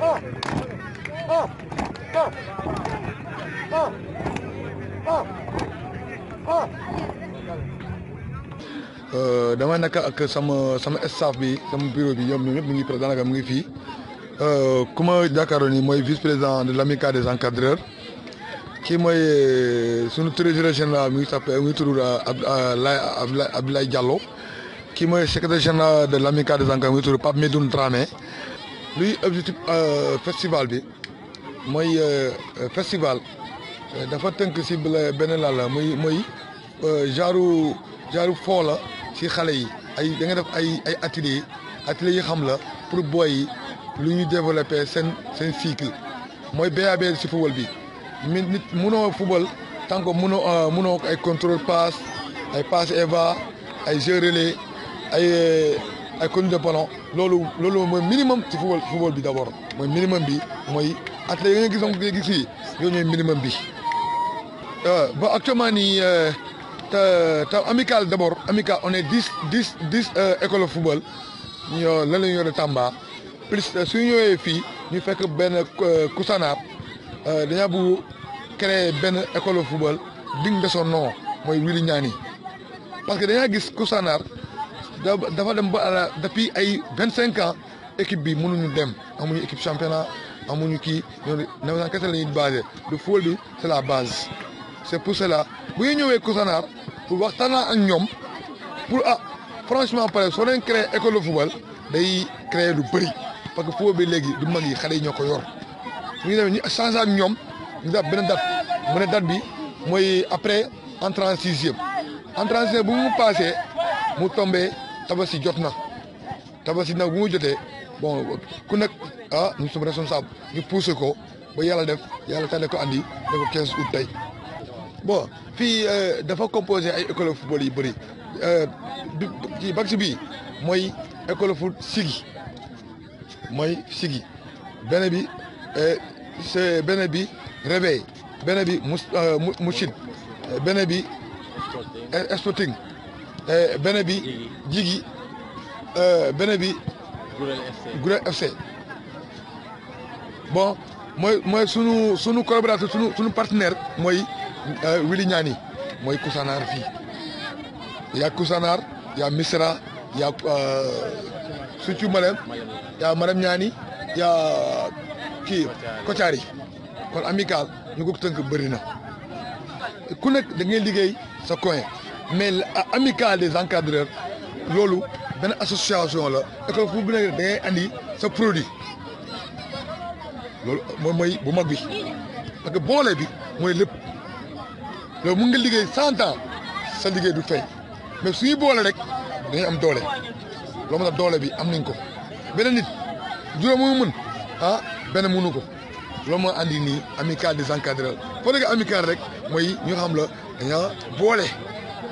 Euh, dama nekk ak sama sama staff bi sama bureau bi ñoom ñëpp mi ngi présent nag mu ngi fii euh, ku ma jàkkaaroon ni mooy vice président de l'amicale des encadreurs kii mooy euh, sunu trésorier général mi ngi sapp mi ngi tudd Abdoulaye Abdoulaye Diallo kii mooy secrétaire général de l'amicale des encadreurs mi ngi tudd Pape Lui objectif euh, festival bi de euh, euh, festival dafa tënk que beneen que la là, pour boy, développer son cycle football bi football tant que mon contrôle passe ay passe eva relais ay conduite de loolu loolu mooy minimum ci football football bi d' mooy minimum bi mooy athlètes yi nga gis donc ngay gis fii yooyu ñooy minimum bi. Euh, ba actuellement nii te euh, te amical d' abord amical on est dix dix dix euh, école de football ñu Tamba plus su ñu fii ñu fekk benn Kousanaab dañaa bëgg créer benn école de football digne de son nom Ñaani parce que dañaa gis Kousanaar. dafa dem ba depuis ay 25 ans équipe bi mënuñu dem amuñu équipe championnat amuñu ki ñoo na kese la lañu basé le football bi c'est la base. c'est pour cela bu ñu ñëwee Kousanaar pour waxtana ak ñom pour ah franchement pare soo leen créé école de football day créer lu bëri parce que football bi légui du mag yi xale ñoo ko yor ñu ñëw ñi changé ak ñoom ñu def benn date mu ne date bi moy après entrée en sixième entrée en sixième bu mu passé mu tombé tabaski na si bon ku ah nous sommes responsables ñu poussons ko ba yalla def à y ko andi da ko 15 août tay bon fii euh, dafa composer ay école football bari euh ci bi moy école foot euh, c'est bi réveil bi euh, mouchid Eh, beneen bi jigi eh, beneen bi Gurel FC bon mooy mooy sunu sunu collaborateur sunu sunu partenaire mooy eh, Wili Ñaani mooy Koussanar fii yaa Koussanar yaa Misra yaa Succu Malem yaa Maram Ñaani yaa kii Kocaari kon amical ñu ko tënk bëri na ku nekk da ngay liggéey sa mais l'amical des encadreurs c'est une association la que vous bu nekk produit C'est parce que bi c'est lépp Le Le nga ans sa du fait, mais si vous rek dañuy am un loo C'est bon. bi am un ko nit ah, ko andi ni, amicale des encadreurs pour amicale rek ñu xam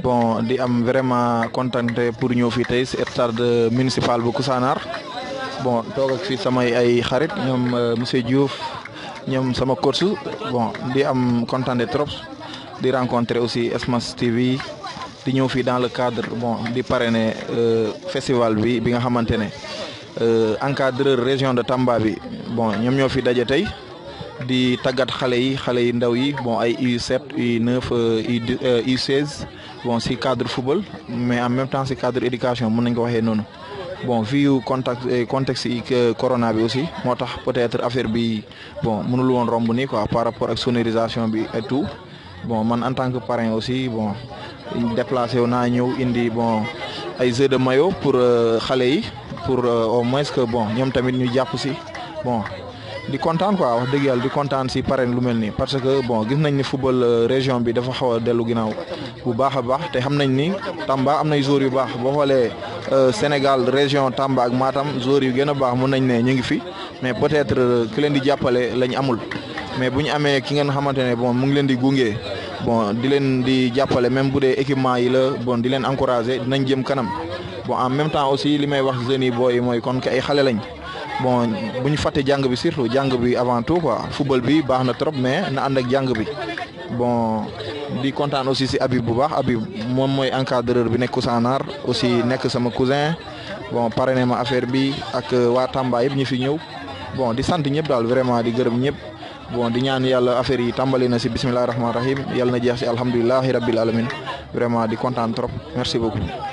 bon di am vraiment contenté pour ñëw fii tey si de municipal bu Koussanar bon toog ak fii samay ay xarit ñoom euh, monsieur Diouf ñoom sama coach bon di am contenté trop di rencontrer aussi Smash TV di ñëw fii dans le cadre bon di parrainer euh, festival bi bi nga xamante ne euh, encadreur région de Tamba bi bon ñoom ñoo fi daje tey. di tagat xalé yi xalé yi ndaw yi bon ay U7 U9 U16 bon c'est cadre football mais en même temps c'est cadre éducation mën nañ ko waxé noonu bon vu contexte euh, contexte yi euh, corona bi aussi motax peut-être affaire bi bon mënul won romb ni quoi par rapport ak sonorisation bi et tout bon man en tant que parrain aussi bon déplacé on a ñëw indi bon ay jeux de maillot pour euh, xalé yi pour au moins que bon ñom tamit ñu japp ci bon. di kontaan quoi wax dëgg yàlla di kontaan si parrain lu mel nii parce que bon gis nañ ni football euh, région bi dafa xaw a dellu ginnaaw bu baax a baax te xam nañ ni Tamba am nay joueurs yu baax boo xoolee euh, Sénégal région Tamba ak Matam joueurs yu gën a baax mun nañ ne ñu ngi fi mais peut-être euh, ki leen di jàppale lañ amul mais bu ñu amee ki ngeen xamante ne bon mu ngi leen di gunge bon di leen di jàppale même bu dee équipement yi la bon di leen encourager dinañ jëm kanam bon en même temps aussi li may wax jeunes yi booy mooy kon ay xale lañ. bon buñu faté jang bi surtout jang bi avant tout quoi football bi baxna trop mais na and ak jang bi bon di contane aussi ci Abib bu bax Abib mom moy encadreur bi nek Sanar aussi nek sama cousin bon parrainé ma affaire bi ak euh, wa Tamba yeb ñi fi ñew bon di sante ñep dal vraiment di gërëm ñep bon di ñaan yalla affaire yi tambali na ci bismillahir rahmanir rahim yalla na jeex ci alhamdullilah alamin vraiment di contane trop merci beaucoup